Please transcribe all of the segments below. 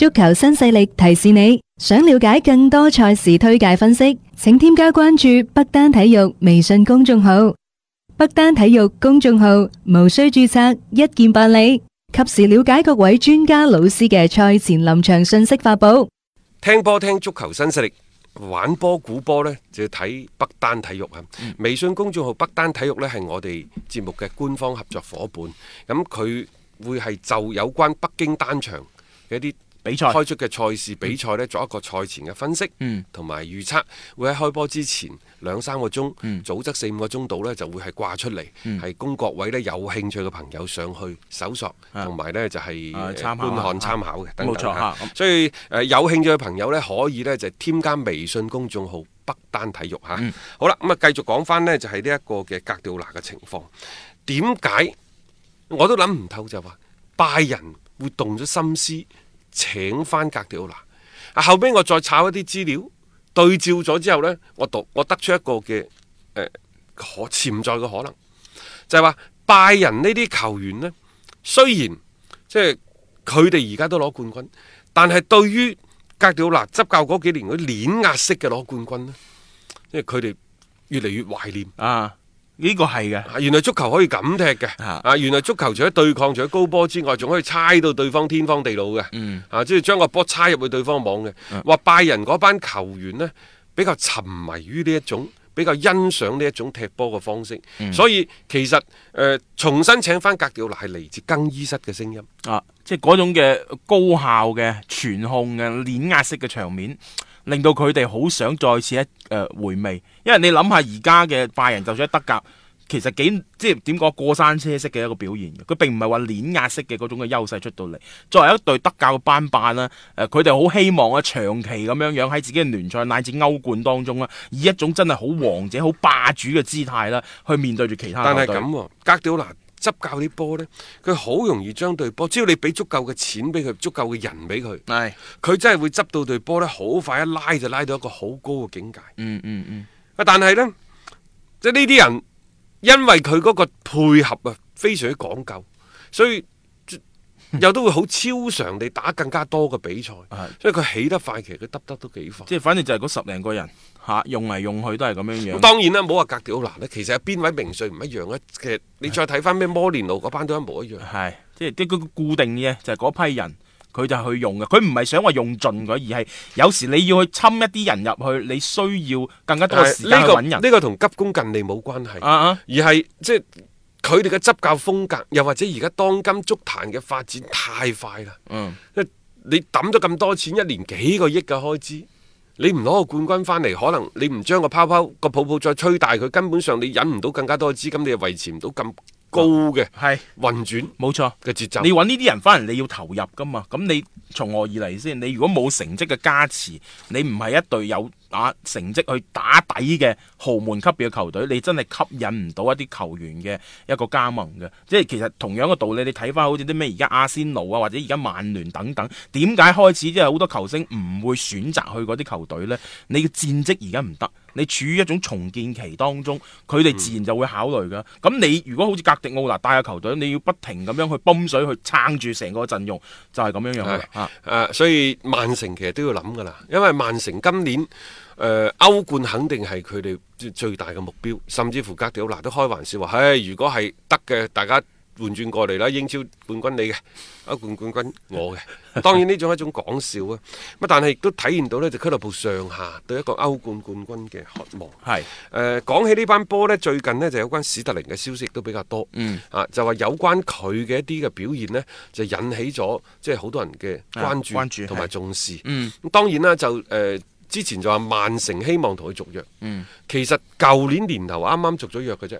足球新勢力提示你，想了解更多賽事推介分析，請添加關注北單體育微信公眾號。北單體育公眾號無需注冊，一鍵辦理，及時了解各位專家老師嘅賽前臨場信息發布。聽波聽足球新勢力，玩波估波呢，就要睇北單體育啊！微信公眾號北單體育呢係我哋節目嘅官方合作伙伴，咁佢會係就有關北京單場嘅一啲。比賽開出嘅賽事比賽呢，作、嗯、一個賽前嘅分析，同埋、嗯、預測會喺開波之前兩三個鐘，嗯，早則四五個鐘度呢，就會係掛出嚟，係供各位呢有興趣嘅朋友上去搜索，同埋、嗯、呢，就係、是、觀看參考嘅，冇、嗯、等錯、嗯、所以誒，有興趣嘅朋友呢，可以呢，就係、添加微信公眾號北單體育嚇。啊嗯、好啦，咁啊，繼續講翻呢，就係呢一個嘅格調拿嘅情況，點解我都諗唔透，就話拜仁會動咗心思，思。請返格迪奧娜！後尾我再查一啲資料對照咗之後咧，我讀我得出一個嘅誒、呃、可潛在嘅可能，就係、是、話拜仁呢啲球員咧，雖然即係佢哋而家都攞冠軍，但係對於格迪奧娜執教嗰幾年佢碾壓式嘅攞冠軍咧，即係佢哋越嚟越懷念啊！呢個係嘅，原來足球可以咁踢嘅，啊的，原來足球除咗對抗、除咗高波之外，仲可以猜到對方天荒地老嘅，嗯、啊，即係將個波猜入去對方網嘅，話拜仁嗰班球員呢，比較沉迷於呢一種，比較欣賞呢一種踢波嘅方式，所以其實誒重新請返格調，嗱係嚟自更衣室嘅聲音，啊，即係嗰種嘅高效嘅傳控嘅碾壓式嘅場面。令到佢哋好想再次一誒、呃、回味，因為你諗下而家嘅拜仁，就算喺德甲，其實幾即係點講，過山車式嘅一個表現，佢並唔係話碾壓式嘅嗰種嘅優勢出到嚟。作為一隊德甲嘅班霸啦，誒、呃，佢哋好希望啊長期咁樣樣喺自己嘅聯賽乃至歐冠當中啦，以一種真係好王者、好霸主嘅姿態啦，去面對住其他。但係咁喎，哥迪奧拿。執教啲波呢，佢好容易將隊波，只要你俾足夠嘅錢俾佢，足夠嘅人俾佢，佢係，真係會執到隊波呢。好快一拉就拉到一個好高嘅境界。嗯嗯嗯。嗯嗯，但係呢，即係呢啲人因為佢嗰個配合啊非常之講究，所以又都會好超常地打更加多嘅比賽。係。所以佢起得快，其實佢得得都幾快。即係反正就係嗰十零個人。吓、啊、用嚟用去都係咁樣樣，當然啦，冇好話格調難啦。其實有邊位名帥唔一樣咧？其實的你再睇翻咩摩連奴嗰班都一模一樣。係即係啲個固定嘅就係、是、嗰批人，佢就去用嘅。佢唔係想話用盡佢，而係有時你要去侵一啲人入去，你需要更加多時間。呢、這個呢個同急功近利冇關係，uh huh. 而係即係佢哋嘅執教風格，又或者而家當今足壇嘅發展太快啦。嗯、uh，huh. 你抌咗咁多錢，一年幾個億嘅開支。你唔攞個冠軍翻嚟，可能你唔將個泡泡個泡泡再吹大佢，根本上你引唔到更加多嘅資金，你就維持唔到咁高嘅運轉，冇錯嘅節奏。啊、節奏你揾呢啲人返嚟，你要投入噶嘛。咁你從何而嚟先？你如果冇成績嘅加持，你唔係一隊有打成績去打底嘅豪門級別嘅球隊，你真係吸引唔到一啲球員嘅一個加盟嘅。即係其實同樣嘅道理，你睇返好似啲咩而家阿仙奴啊，或者而家曼聯等等，點解開始即係好多球星唔會選擇去嗰啲球隊呢？你嘅戰績而家唔得，你處於一種重建期當中，佢哋自然就會考慮㗎。咁、嗯、你如果好似格迪奧拿帶嘅球隊，你要不停咁樣去泵水去撐住成個陣容，就係、是、咁樣樣啦。所以曼城其實都要諗㗎啦，因為曼城今年，誒、呃、歐冠肯定係佢哋最大嘅目標，甚至乎格迪奧拿都開玩笑話，唉、哎，如果係得嘅，大家換轉過嚟啦，英超冠軍你嘅，歐冠冠軍我嘅。當然呢種係一種講笑啊，乜 但係亦都體現到呢，就俱樂部上下對一個歐冠冠軍嘅渴望。係誒是、呃，講起呢班波呢，最近呢就有關史特靈嘅消息都比較多。嗯、啊，就話有關佢嘅一啲嘅表現呢，就引起咗即係好多人嘅關注、同埋重視。嗯，嗯當然啦，就誒。呃之前就話曼城希望同佢續約，嗯，其實舊年年頭啱啱續咗約嘅啫，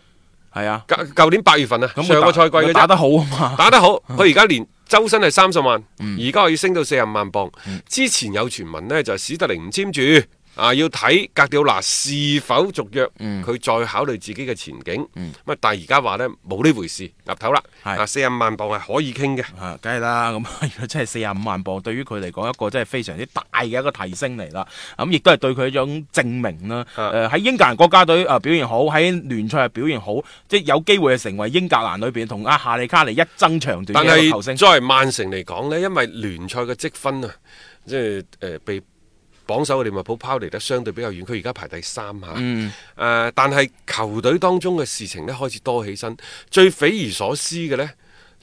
係啊，舊年八月份啊，上個賽季佢打得好啊嘛，打得好，佢而家年周薪係三十萬，而家、嗯、可以升到四十萬磅。嗯、之前有傳聞呢，就是、史特靈唔簽住。啊，要睇哥迪奧拿是否續約，佢、嗯、再考慮自己嘅前景。咁、嗯、但係而家話呢，冇呢回事，入頭啦。是啊，四十五萬磅係可以傾嘅，梗係啦。咁、嗯、如果真係四啊五萬磅，對於佢嚟講一個真係非常之大嘅一個提升嚟啦。咁亦都係對佢一種證明啦。喺是、呃、英格蘭國家隊啊表現好，喺聯賽表現好，即係有機會成為英格蘭裏邊同阿夏利卡尼一爭長短嘅球星。作為曼城嚟講呢，因為聯賽嘅積分啊，即係誒、呃呃、被。榜首嘅利物浦拋離得相對比較遠，佢而家排第三嚇。誒，但係球隊當中嘅事情咧開始多起身。最匪夷所思嘅呢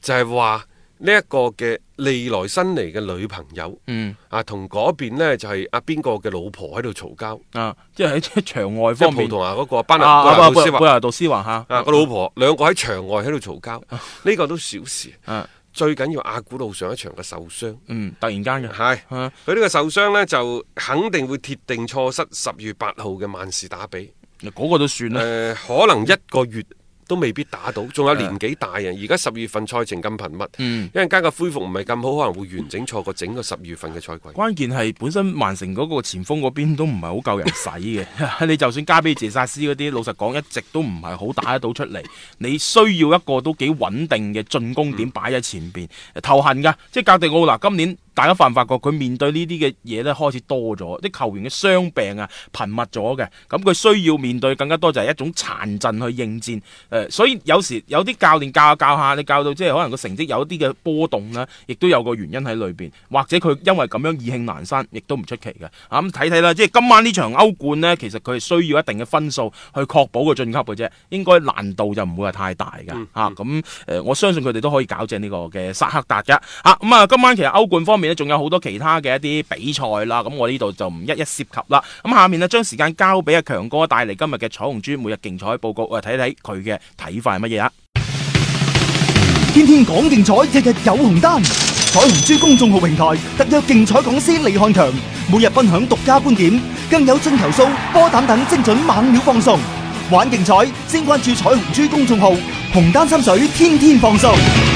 就係話呢一個嘅利來新嚟嘅女朋友，啊，同嗰邊咧就係阿邊個嘅老婆喺度嘈交。啊，即係喺場外方面。葡萄牙嗰個班斯華杜斯華嚇。啊，個老婆兩個喺場外喺度嘈交，呢個都小事。最緊要阿古路上一場嘅受傷，嗯，突然間嘅，係是，佢呢、啊、個受傷呢就肯定會鐵定錯失十月八號嘅萬事打比，嗱嗰個都算啦、呃，可能一個月，都未必打到，仲有年紀大人。而家十月份賽程咁頻密，嗯、一陣間個恢復唔係咁好，可能會完整錯過整個十月份嘅賽季。關鍵係本身曼城嗰個前鋒嗰邊都唔係好夠人使嘅， 你就算加俾謝薩斯嗰啲，老實講一直都唔係好打得到出嚟。你需要一個都幾穩定嘅進攻點擺喺前邊、嗯、頭痕㗎，即係哥迪奧拿今年。大家發唔發覺佢面對呢啲嘅嘢咧開始多咗，啲球員嘅傷病啊頻密咗嘅，咁佢需要面對更加多就係、是、一種殘陣去應戰誒、呃。所以有時有啲教練教下教下，你教到即係可能個成績有啲嘅波動啦，亦都有個原因喺裏邊，或者佢因為咁樣意興闌珊亦都唔出奇嘅，啊，咁睇睇啦，即係、就是、今晚場，呢場歐冠咧，其實佢係需要一定嘅分數去確保個晉級嘅啫，應該難度就唔會係太大噶，吓、啊，咁誒、嗯嗯啊嗯、我相信佢哋都可以搞正呢、這個嘅薩克達嘅，吓、啊，咁、嗯、啊，今晚其實歐冠方面。仲有好多其他嘅一啲比賽啦，咁我呢度就唔一一涉及啦。咁下面呢將時間交俾阿強哥帶嚟今日嘅彩虹珠每日競彩報告，啊睇睇佢嘅睇法係乜嘢啊。天天講競彩，日日有紅單。彩虹珠公眾號平台特約競彩講師李漢強，每日分享獨家觀點，更有進球數、波膽等精準猛料放送。玩競彩，先關注彩虹珠公眾號，紅單心水，天天放送。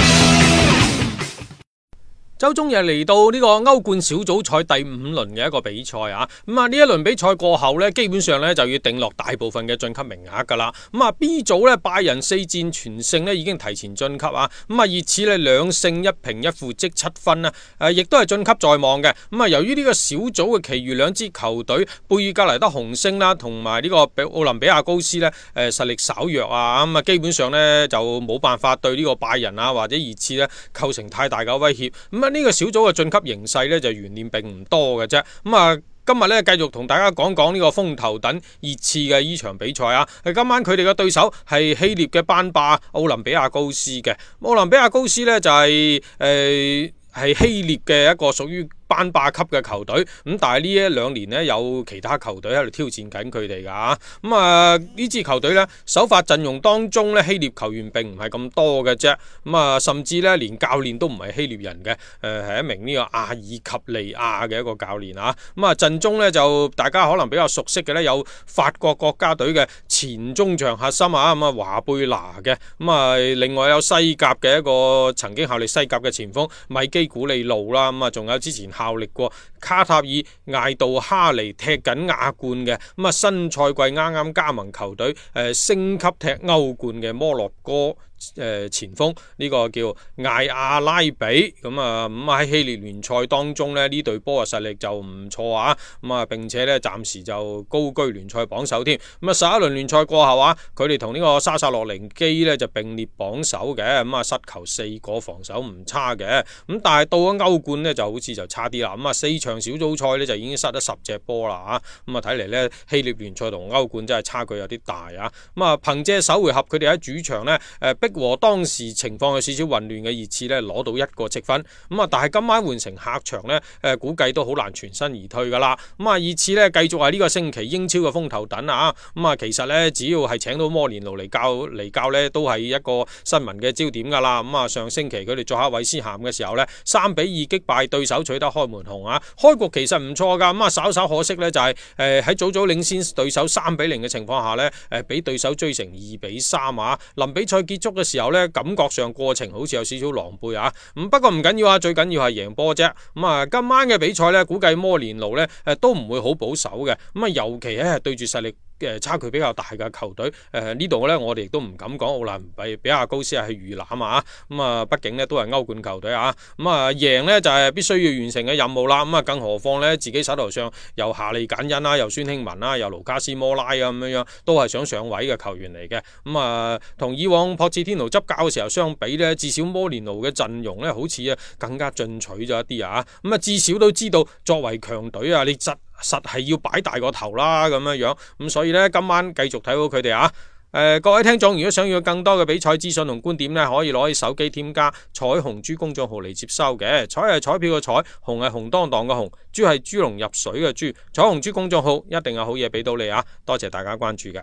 周中又嚟到呢個歐冠小組賽第五輪嘅一個比賽啊，咁啊呢一輪比賽過後呢，基本上呢就要定落大部分嘅晉級名額㗎啦。咁、嗯、啊 B 組呢，拜仁四戰全勝呢已經提前晉級啊，咁啊熱刺呢兩勝一平一負積七分啊，亦都係晉級在望嘅。咁、嗯、啊由於呢個小組嘅其餘兩支球隊貝爾格萊德紅星啦同埋呢個奧林比亞高斯呢，誒實力稍弱啊，咁、嗯、啊基本上呢就冇辦法對呢個拜仁啊或者熱刺呢構成太大嘅威脅咁啊。呢個小組嘅晉級形勢呢，就懸念並唔多嘅啫，咁、嗯、啊今日呢，繼續同大家講講呢個風頭等熱刺嘅呢場比賽啊，係今晚佢哋嘅對手係希臘嘅班霸奧林比亞高斯嘅，奧林比亞高斯呢，就係誒係希臘嘅一個屬於。班霸級嘅球隊，咁但係呢一兩年咧有其他球隊喺度挑戰緊佢哋噶嚇，咁、嗯、啊呢支球隊呢，首發陣容當中呢，希臘球員並唔係咁多嘅啫，咁、嗯、啊甚至呢，連教練都唔係希臘人嘅，誒、啊、係一名呢個阿爾及利亞嘅一個教練嚇、啊，咁、嗯、啊陣中呢，就大家可能比較熟悉嘅呢，有法國國家隊嘅前中場核心啊，咁啊華貝拿嘅，咁、嗯、啊另外有西甲嘅一個曾經效力西甲嘅前鋒米基古利路啦，咁啊仲有之前。效力過卡塔爾、艾杜哈尼踢緊亞冠嘅，咁啊新賽季啱啱加盟球隊，誒、呃、升級踢歐冠嘅摩洛哥。誒前鋒呢、這個叫艾亞拉比咁啊，咁啊喺希臘聯賽當中呢，呢隊波嘅實力就唔錯啊，咁、嗯、啊並且呢，暫時就高居聯賽榜首添，咁、嗯、啊十一輪聯賽過後啊，佢哋同呢個沙薩洛靈基呢就並列榜首嘅，咁、嗯、啊失球四個，防守唔差嘅，咁、嗯、但係到咗歐冠呢，就好似就差啲啦，咁、嗯、啊四場小組賽呢，就已經失得十隻波啦啊，咁啊睇嚟呢，希臘聯賽同歐冠真係差距有啲大啊，咁、嗯、啊憑借首回合佢哋喺主場呢。誒、呃逼和當時情況有少少混亂嘅熱刺咧攞到一個積分咁啊，但係今晚換成客場咧，誒、呃、估計都好難全身而退噶啦。咁、嗯、啊，熱刺咧繼續係呢個星期英超嘅風頭等啊。咁、嗯、啊，其實呢，只要係請到摩連奴嚟教嚟教咧，都係一個新聞嘅焦點噶啦。咁、嗯、啊，上星期佢哋作客韋斯咸嘅時候呢，三比二擊敗對手，取得開門紅啊，開局其實唔錯噶。咁、嗯、啊，稍稍可惜呢，就係誒喺早早領先對手三比零嘅情況下呢誒，俾、呃、對手追成二比三啊。臨比賽結束嘅時候咧，感覺上過程好似有少少狼狽啊！咁不過唔緊要啊，最緊要係贏波啫。咁啊，今晚嘅比賽呢，估計摩連奴呢誒、啊、都唔會好保守嘅。咁啊，尤其咧、啊、係對住實力。差距比較大嘅球隊，誒呢度呢，我哋都唔敢講奧蘭比亞高斯係魚腩啊！咁、嗯、啊，畢竟呢都係歐冠球隊啊！咁、嗯、啊，贏呢就係、是、必須要完成嘅任務啦！咁、嗯、啊，更何況呢，自己手頭上又夏利簡恩啦、啊，又孫興文啦、啊，又盧卡斯摩拉咁、啊、樣樣，都係想上位嘅球員嚟嘅。咁、嗯、啊，同以往博智天奴執教嘅時候相比呢，至少摩連奴嘅陣容呢，好似啊更加進取咗一啲啊！咁、嗯、啊，至少都知道作為強隊啊，你。質。實係要擺大個頭啦，咁樣樣咁，所以呢，今晚繼續睇好佢哋啊！誒、呃，各位聽眾，如果想要更多嘅比賽資訊同觀點呢，可以攞起手機添加彩虹豬公眾號嚟接收嘅。彩係彩票嘅彩，虹係紅當當嘅紅，豬係豬籠入水嘅豬，彩虹豬公眾號一定有好嘢俾到你啊！多謝大家關注嘅。